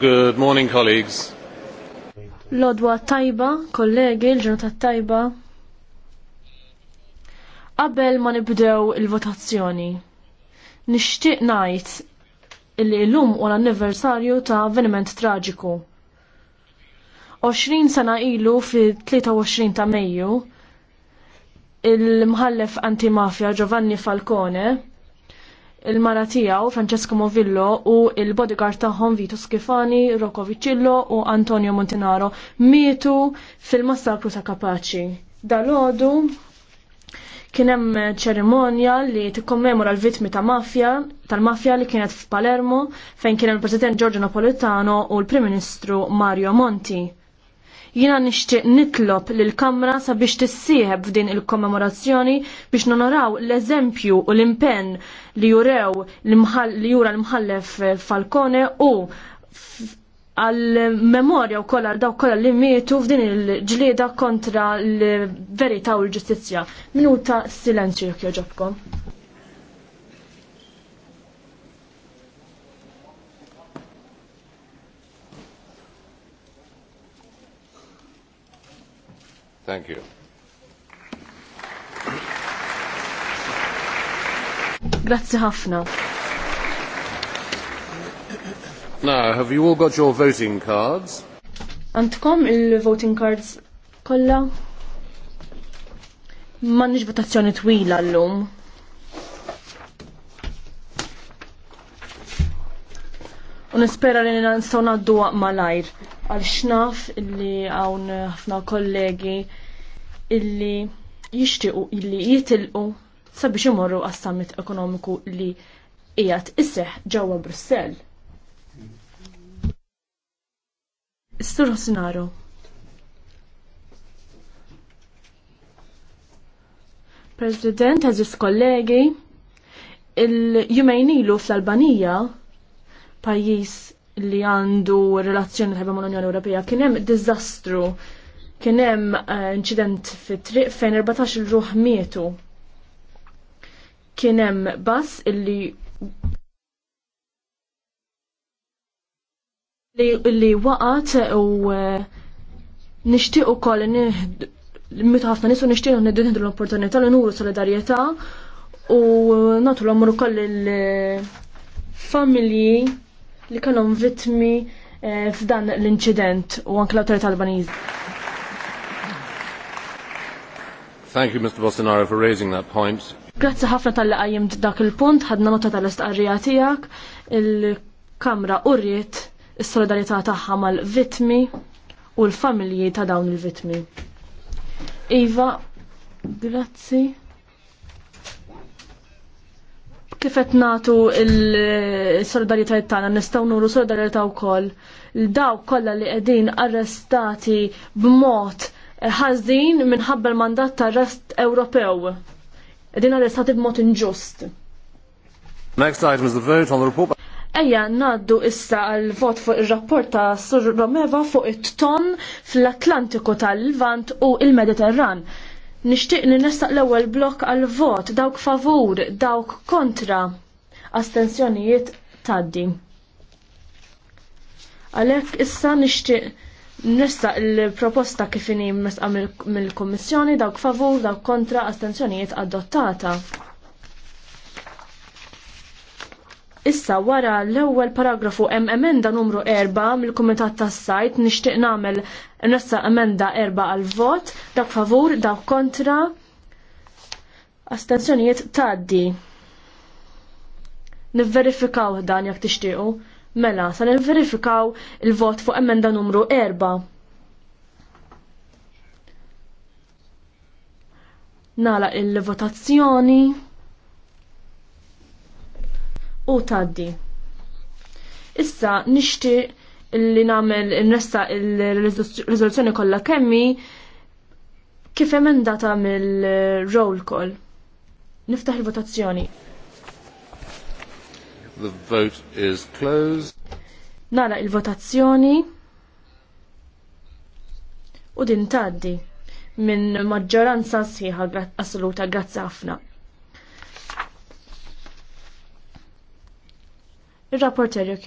Good morning, colleagues. Lodwa tajba, kollegi, l-ġurnata tajba. Qabel ma nibdew il-votazzjoni, nixtieq ngħid li llum u l-anniversarju ta' avveniment traġiku. 20 sena ilu fit-23 ta' Mejju, il-mħallef antimafja Giovanni Falcone il-mara tiegħu Francesco Movillo u il-bodyguard tagħhom Vito Schifani, Rocco Vicillo u Antonio Montinaro mietu fil-massakru ta' Kapaċi. dal kien hemm ċerimonja li tikkommemora l-vittmi ta' mafja tal-mafja li kienet f'Palermo fejn kien il-President Giorgio Napolitano u l-Prim Ministru Mario Monti. Jiena nixtieq nitlob lil kamra sabiex tissieħeb f'din il-kommemorazzjoni biex nonoraw l-eżempju u l-impenn li jurew li jura l-mħallef Falcone u għal-memorja u kolla daw kolla li mietu f'din il-ġlieda kontra l-verita u l-ġustizja. Minuta silenzju jek joġobkom. Thank you. Grazzi ħafna. Now, have you all got your voting cards? Antkom il-voting cards kolla? Mannix votazzjoni twila l-lum. Unispera li nistaw naddu malajr. Għal xnaf li għawn ħafna kollegi illi jixtiequ illi jitilqu sabiex imorru għas-summit ekonomiku li qiegħed isseħ ġewwa Brussell. sur President, eżis kollegi, il-jumejn ilu fl-Albanija, pajjiż li għandu relazzjoni tajba mal-Unjoni Ewropea, kien hemm diżastru Kien hemm eh, inċident fit-triq fejn 14 ruħ mietu. Kien hemm bass illi li waqgħet eh, u nixtieq ukoll nieħdu ħafna nisu nixtieq nieħdu l-opportunità li nuru solidarjetà u natu l-omru koll il-familji li kellhom vittmi eh, f'dan l-inċident u anke l-awtorità Albaniżi. Thank you, Mr. Bolsonaro, for raising that point. Grazzi ħafna tal qajjem dak il-punt, ħadna nota tal-istqarrija tiegħek, il-Kamra urriet is-solidarità tagħha mal-vitmi u l-familji ta' dawn il-vitmi. Iva, grazzi kif qed nagħtu l-solidarjetà tagħna nistgħu nuru solidarjetà wkoll l dawk kollha li qegħdin arrestati b'mod ħażin minħabba l-mandat tar rast Ewropew. Din arrestati b'mod inġust. Next item is the vote on the report. Ejja, naddu issa għal vot fuq ir-rapport ta' Sur Romeva fuq it-ton fl-Atlantiku tal-Levant u il-Mediterran. Nixtieq li nistaq l-ewwel blok għal vot dawk favur, dawk kontra. Astensjonijiet taddi. Għalhekk issa nixtieq Nista il-proposta kif inhi mesqa mill-Kummissjoni dawk favur, dawk kontra astenzjonijiet adottata. Issa wara l-ewwel paragrafu hemm emenda numru 4 mill-Kumitat tas-Sajt nixtieq nagħmel nessa emenda 4 għal vot dawk favur, dawk kontra astenzjonijiet tgħaddi. Nivverifikaw dan jekk tixtiequ. Mela, sa nil-verifikaw il-vot fuq emenda numru 4. Nala il-votazzjoni u taddi. Issa nixti li namel nressa il rezoluzjoni kollha kemmi kif emendata mill-roll call. Niftaħ il-votazzjoni. The vote is closed. Nara il-votazzjoni u din taddi minn maġġoranza sħiħa assoluta grazzi ħafna. Il-rapporter jek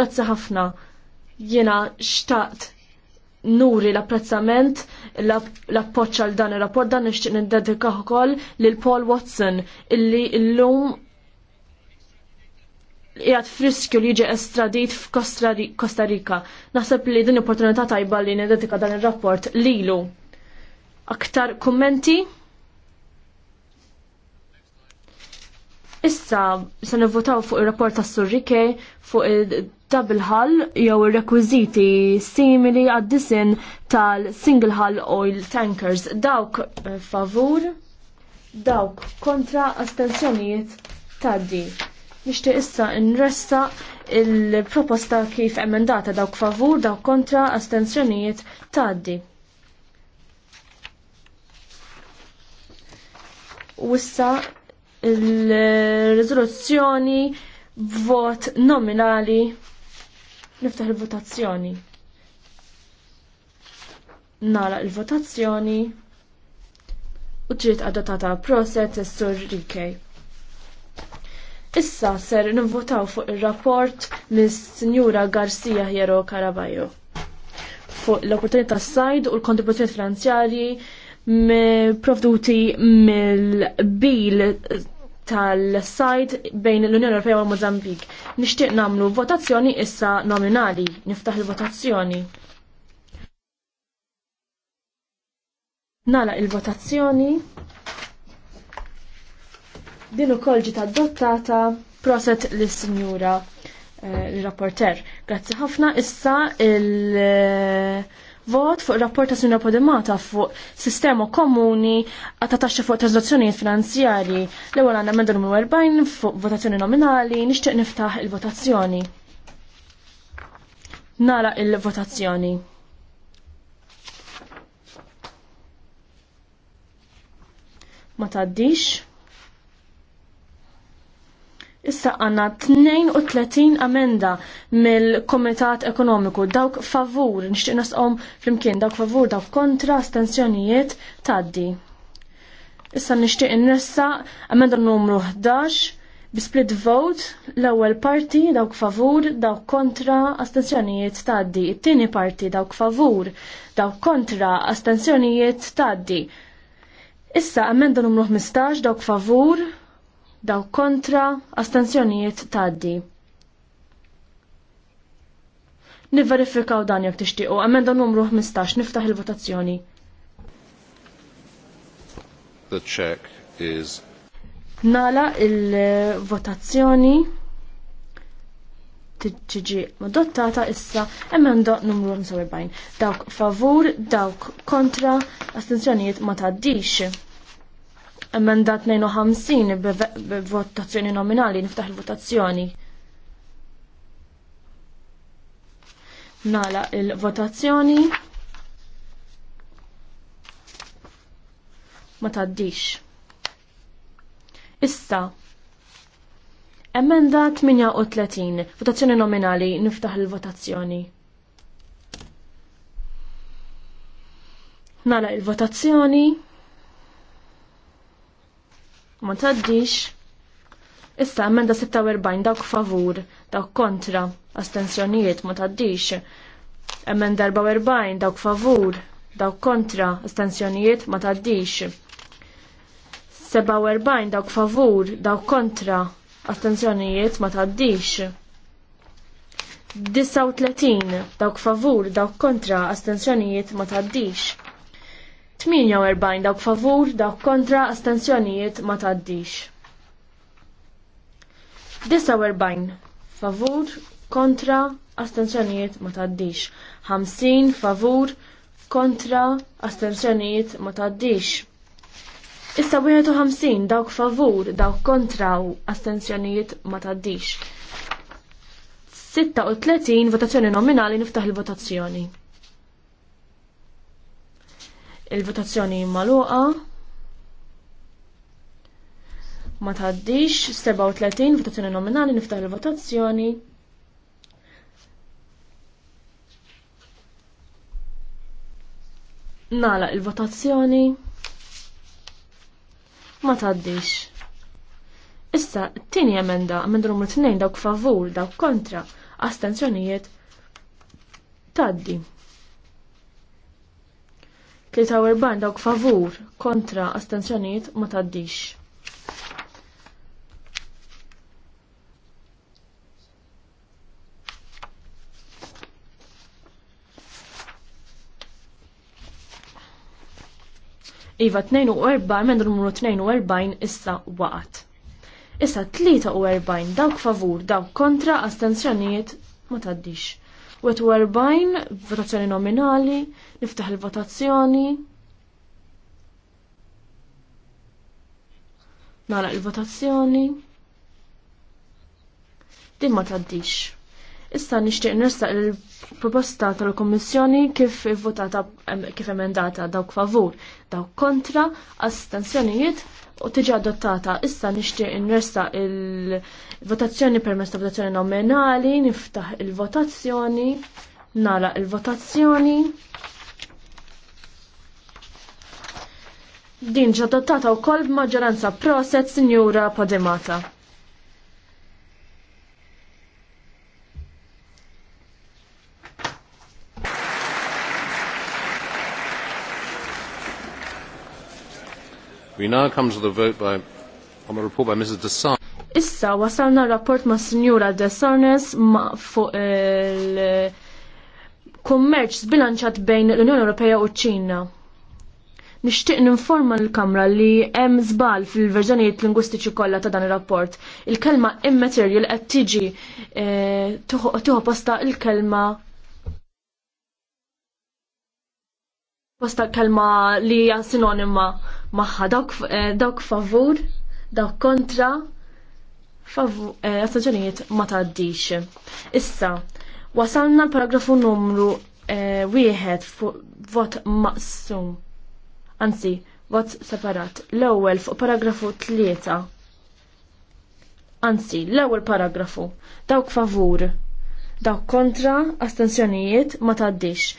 Grazzi ħafna. Jena xtaqt nuri l-apprezzament l-appoċ għal dan il-rapport dan nixtieq niddedika wkoll lil Paul Watson illi llum qiegħed friskju li ġi estradit f'Kosta Rika. Naħseb li din opportunità tajba li nededika dan il-rapport lilu. Aktar kummenti. Issa, se nivvotaw fuq il-rapport ta' Surrike, fuq il ta' bil-ħall jew ir-rekwiżiti simili għad-disin tal-single hull oil tankers. Dawk eh, favur, dawk kontra astensjonijiet taddi. Nixtieq issa nresta il-proposta kif emendata dawk favur, dawk kontra astensjonijiet taddi. Wissa il rezoluzzjoni vot nominali Niftaħ il-votazzjoni. Nara il-votazzjoni u ġiet adottata proset s-sur Rikej. Issa ser nivvotaw fuq il-rapport mis Sinjura Garcia Hiero Caraballo fuq l-opportunità s-sajd u l-kontribuzzjoni finanzjarji provduti mill-bil tal sajt bejn l-Unjoni Ewropea u Mozambik. Nixtieq nagħmlu votazzjoni issa nominali. Niftaħ il-votazzjoni. Nala il-votazzjoni. Din ukoll ġiet adottata proset lis-Sinjura eh, l-rapporter. Grazzi ħafna issa il- vot fuq rapport ta' Sinra Podemata fuq sistema komuni ta' taxxa fuq transazzjonijiet finanzjarji. L-ewwel għandna emenda numru 40 fuq votazzjoni nominali nixtieq niftaħ il-votazzjoni. Nara il-votazzjoni. Ma tgħaddix. Issa għanna 32 amenda mill-Komitat Ekonomiku, dawk favur, nixtieq nasqom flimkien, dawk favur, dawk kontra, stenzjonijiet taddi. Issa nixtieq innessa amenda numru 11 bi vote l-ewwel parti dawk favur, dawk kontra, astensjonijiet taddi. It-tieni parti dawk favur, dawk kontra, astensjonijiet taddi. Issa amenda numru 15 dawk favur, daw kontra astenzjonijiet taddi. Nivverifikaw dan jekk tixtiequ. Emenda numru 15 niftaħ il-votazzjoni. The check is Nala il-votazzjoni tiġi modottata issa emenda numru 45. Dawk favur, dawk kontra, astenzjonijiet ma taddix emenda 52 b'votazzjoni nominali niftaħ il-votazzjoni. Nala il-votazzjoni. Ma taddix. Issa. Emenda 38. Votazzjoni nominali niftaħ il-votazzjoni. Nala il-votazzjoni ma taddix. Issa emenda 46 dawk favur, dawk kontra, astensjonijiet ma taddix. Emenda 44 dawk favur, dawk kontra, astensjonijiet ma taddix. 47 dawk favur, dawk kontra, astensjonijiet ma taddix. 39 dawk favur, dawk kontra, astensjonijiet ma taddix. 48 dawk favur, dawk kontra, astensjonijiet ma taddix. 49 favur, kontra, astensjonijiet ma taddix. 50 favur, kontra, astensjonijiet ma taddix. Issa 51 dawk favur, dawk kontra u astensjonijiet ma taddix. 36 votazzjoni nominali niftaħ il-votazzjoni. Il-votazzjoni maluqa. Ma tgħaddix 37 votazzjoni nominali niftaħ il-votazzjoni. Nala il-votazzjoni. Ma tgħaddix. Issa, t-tini emenda, emenda numru 2 dawk favur, dawk kontra, astenzjonijiet, taddi. 43 dawk favur kontra astenzjoniet ma taddix. Iva 42, minn numru 42 issa waqat. Issa 43 dawk favur, dawk kontra astenzjoniet ma taddix. 41 votazzjoni nominali, niftaħ il-votazzjoni. Nara il-votazzjoni. Din ma taddix. Issa nixtieq nirsa il-proposta tal-Kommissjoni kif votata kif emendata dawk favur, dawk kontra, astensjonijiet u tiġi adottata. Issa nixtieq nirsa il-votazzjoni permess ta' votazzjoni nominali, niftaħ il-votazzjoni, nara il-votazzjoni. Din ġadottata u kolb maġġoranza proset Sinjura Podemata. We now come to the vote by, on the report by Mrs. Desarnes. Issa wasalna rapport ma' sinjura Desarnes ma' fuq il- eh, kummerċ zbilanċat bejn l-Unjoni Ewropea u ċ-Ċina. Nixtieq ninforma l-Kamra li hemm żbal fil-verżjonijiet lingwistiċi kollha ta' dan ir-rapport. Il-kelma immaterial qed tiġi eh, tieħu posta il-kelma posta kelma li hija sinonima maħħa eh, dawk favur, dawk kontra, eh, astenzjonijiet ma taddix. Issa, wasalna l-paragrafu numru eh, wieħed vot maqsum. Anzi, vot separat. L-ewwel fuq paragrafu tlieta. Anzi, l-ewwel paragrafu. Dawk favur. Dawk kontra astenzjonijiet ma taddix.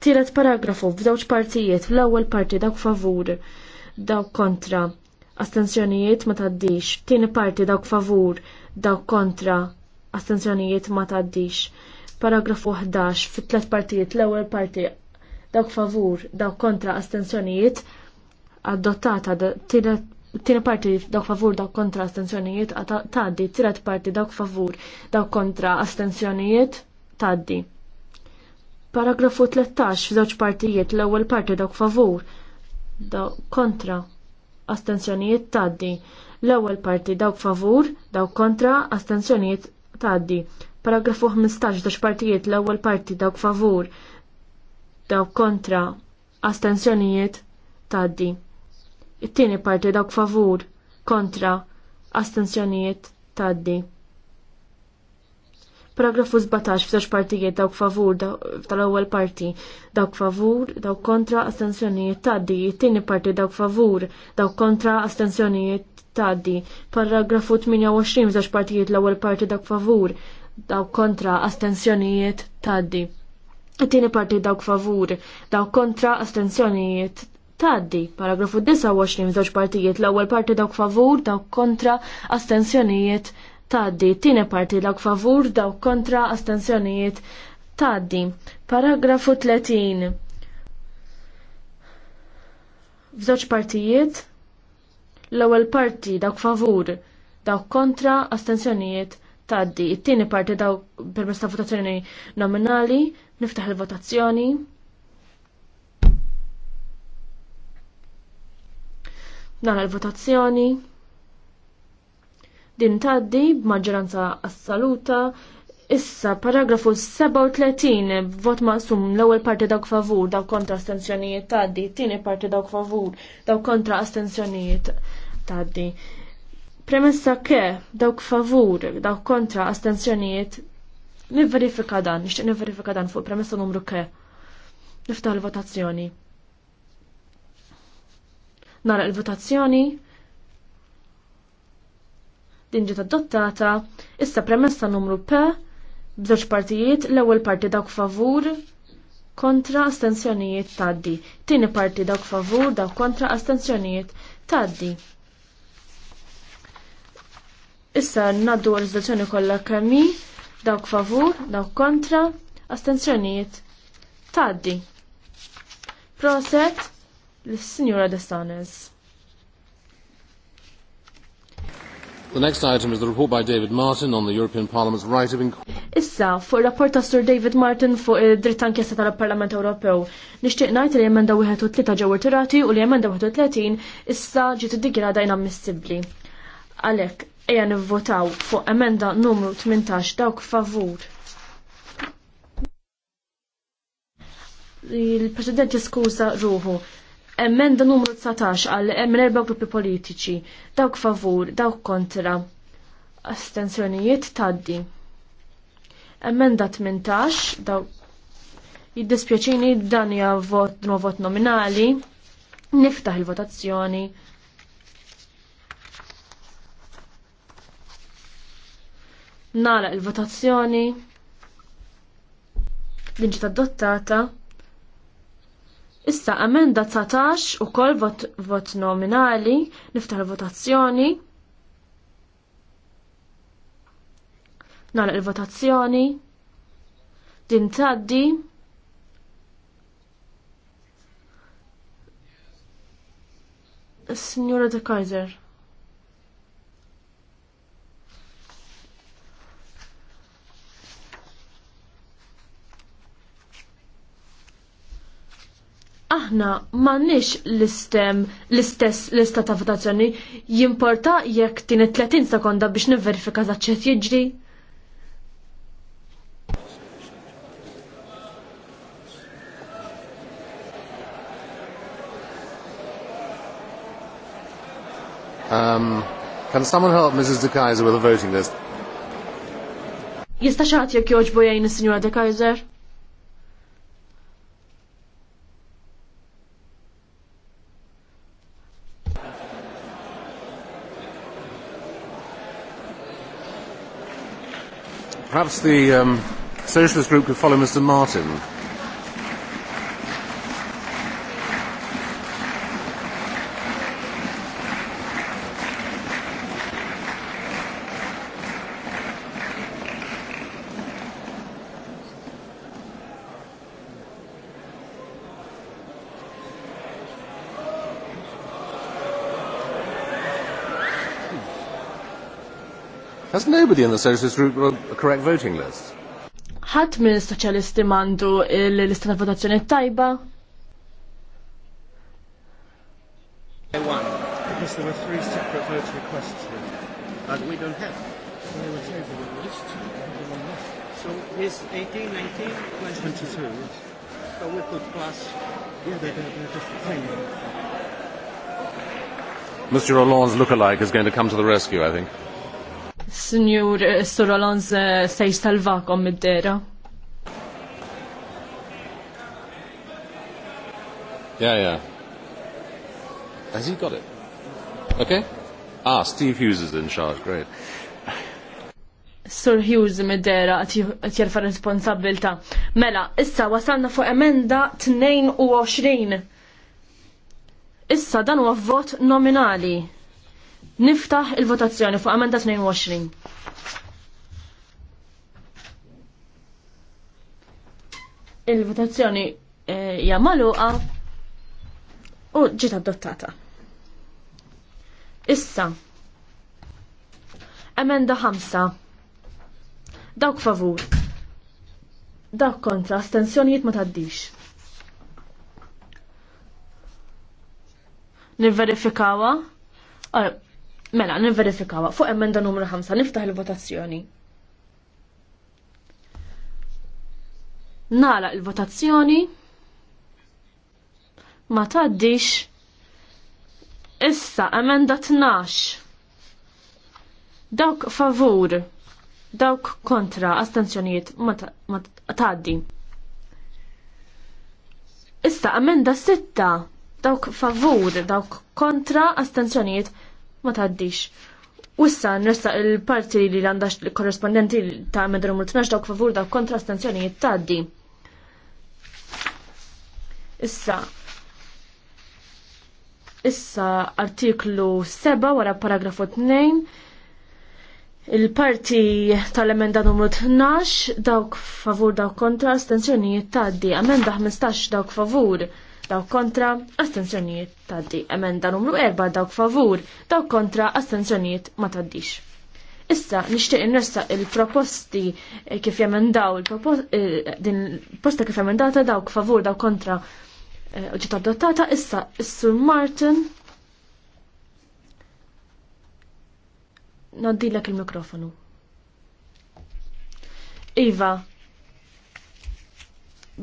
Tielet paragrafu f'dawġ partijiet, l-ewwel parti dawk favur, dawk kontra astenzjonijiet ma taddix, tieni parti dawk favur, dawk kontra, astenzjonijiet ma taddix. Paragrafu 11 fit tlet partijiet l-ewwel parti dawk favur, dawk kontra astenzjonijiet adottata tieni parti dawk favur, dawk kontra astenzjonijiet taddi, tielet parti dawk favur, dawk kontra astenzjonijiet taddi. Paragrafu 13 f'żewġ partijiet l-ewwel parti dawk favur, daw kontra astensjonijiet taddi. L-ewwel parti dawk favur, dawk kontra astensjonijiet taddi. Paragrafu 15 dax partijiet l-ewwel parti dawk favur, dawk kontra astensjonijiet taddi. It-tieni parti dawk favur, kontra astensjonijiet taddi. Paragrafu 17 f'żewġ partijiet dawk favur tal-ewwel parti dawk favur dawk kontra astensjonijiet tgħaddi, it-tieni parti dawk favur dawk kontra astensjonijiet tgħaddi. Paragrafu 28 f'żewġ partijiet l-ewwel parti dawk favur dawk kontra astensjonijiet tgħaddi. It-tieni parti dawk favur dawk kontra astensjonijiet taddi. Paragrafu 29 f'żewġ partijiet l-ewwel parti dawk favur dawk kontra astensjonijiet tgħaddi taddi. Tieni parti dawk favur dawk kontra astensjonijiet taddi. Paragrafu 30. F'żewġ partijiet l-ewwel parti dawk favur dawk kontra astensjonijiet taddi. It-tieni parti dawk permezz ta' votazzjoni nominali niftaħ il-votazzjoni. Nara il votazzjoni Din tgħaddi b'maġġoranza assoluta. Issa, paragrafu 37, vot maqsum l-ewwel parti dawk favur, dawk kontra astensjonijiet tgħaddi, tieni parti dawk favur, dawk kontra astensjonijiet tgħaddi. Premessa ke dawk favur, dawk kontra astensjonijiet nivverifika dan, nixtieq nivverifika dan fuq premessa numru ke. Niftaħ il-votazzjoni. Nara il-votazzjoni. il votazzjoni nara il votazzjoni din ġiet adottata, issa premessa numru P b'żewġ partijiet, l-ewwel parti dawk favur kontra astensjonijiet taddi, tieni parti dawk favur dawk kontra astensjonijiet taddi. Issa naddu għal riżoluzzjoni kollha kemmi dawk favur, dawk kontra, astensjonijiet taddi. Proset l-Sinjura Destanes. The next item is the report by David Martin on the European Parliament's right of inquiry. Issa, fuq rapport ta' Sir David Martin fuq id-dritt eh, ankjesta tal-Parlament Ewropew, nixtieq ngħid li emenda 31 ġew irtirati u li emenda 31 issa ġiet dajna ammissibbli. Għalhekk ejja nivvotaw fuq emenda numru 18 dawk favur. Il-President jiskuża ruħu. Emenda numru 19 għal minn erba' gruppi politiċi. Dawk favur, dawk kontra. Astenzjonijiet taddi. Emenda 18, dawk jiddispjaċini dan hija vot vot nominali. Niftaħ il-votazzjoni. Nara il-votazzjoni. Din ġiet adottata. Issa emenda 19 u kol vot, vot nominali niftar votazzjoni. Nara il-votazzjoni. Din taddi. Signora De Kaiser. aħna m'għandniex l-istem l-istess lista ta' votazzjoni jimporta jekk tin 30 sekonda biex nivverifika zaċċet jiġri. Um, can someone help Mrs. De Kaiser with a voting list? Jista xaħat jek joġbu jajn il-Signora De Kaiser? Perhaps the um, Socialist Group could follow Mr. Martin. Has nobody in the socialist group got a correct voting list? Ħadd minn soċjalisti mandu l-lista ta' votazzjoni tajba? Because there were three separate vote requests the Yeah, they're, different Mr. Hollande's look-alike is going to come to the rescue, I think. Signor eh, Surolons eh, se jistalvakom id-dera. Yeah, yeah. Has he got it? Okay. Ah, Steve Hughes is in charge. Great. Sir Hughes middera għat jirfa responsabilta. Mela, issa wasalna fuq emenda 22. Issa dan huwa vot nominali. Niftaħ il-votazzjoni fuq amenda 22. Il-votazzjoni eh, hija eh, magħluqa u ġiet adottata. Issa. Emenda 5. Dawk favur. Dawk kontra, astensjonijiet ma taddix. Nivverifikawa. Mela, nivverifikawa fuq emenda numru 5, niftaħ il-votazzjoni. Nala il-votazzjoni ma taddix issa emenda 12 dawk favur dawk kontra astenzjonijiet ma taddi issa emenda 6 dawk favur dawk kontra astenzjonijiet ma taddix. Wissa nresta il-parti li għandax korrespondenti ta' medru multinax dawk favur dawk kontra stanzjonijiet taddi. Issa, issa artiklu 7 wara paragrafu 2 il-parti tal-emenda numru 12 dawk favur dawk kontra stanzjonijiet jittaddi. Amenda 15 dawk favur dawk kontra, astenzjonijiet taddi. Emenda numru 4 dawk favur, dawk kontra, astenzjonijiet ma taddix. Issa, nishtiq nressa il-proposti eh, kif jemendaw, eh, din il-posta kif jemendata dawk favur, dawk kontra, uġiet eh, adottata, issa, issu Martin. Naddilek il-mikrofonu. Iva,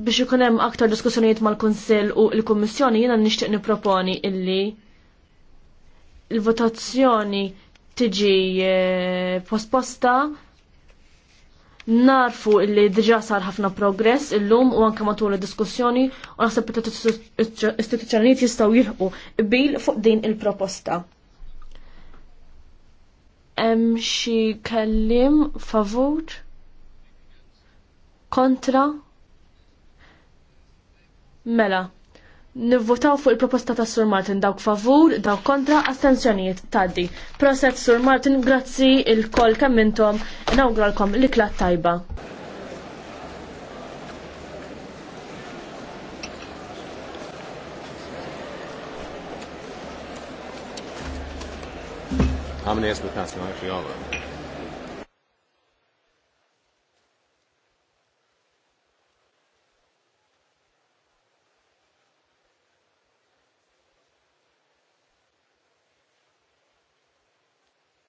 biex ikun hemm aktar diskussjonijiet mal-Kunsill u l-Kummissjoni jiena nixtieq nipproponi illi il-votazzjoni tiġi eh, posposta narfu illi diġa sar ħafna progress illum u anke matul id-diskussjoni u naħseb istituzzjonijiet jistgħu jilħqu bil fuq din il-proposta. Hemm xi kellim favur kontra Mela, nivvotaw fuq il-proposta ta' Sur Martin dawk favur, dawk kontra, astensjonijiet taddi. Proset Sur Martin, grazzi il-kol kemmintom, nawgralkom l-iklat tajba. How many explications actually are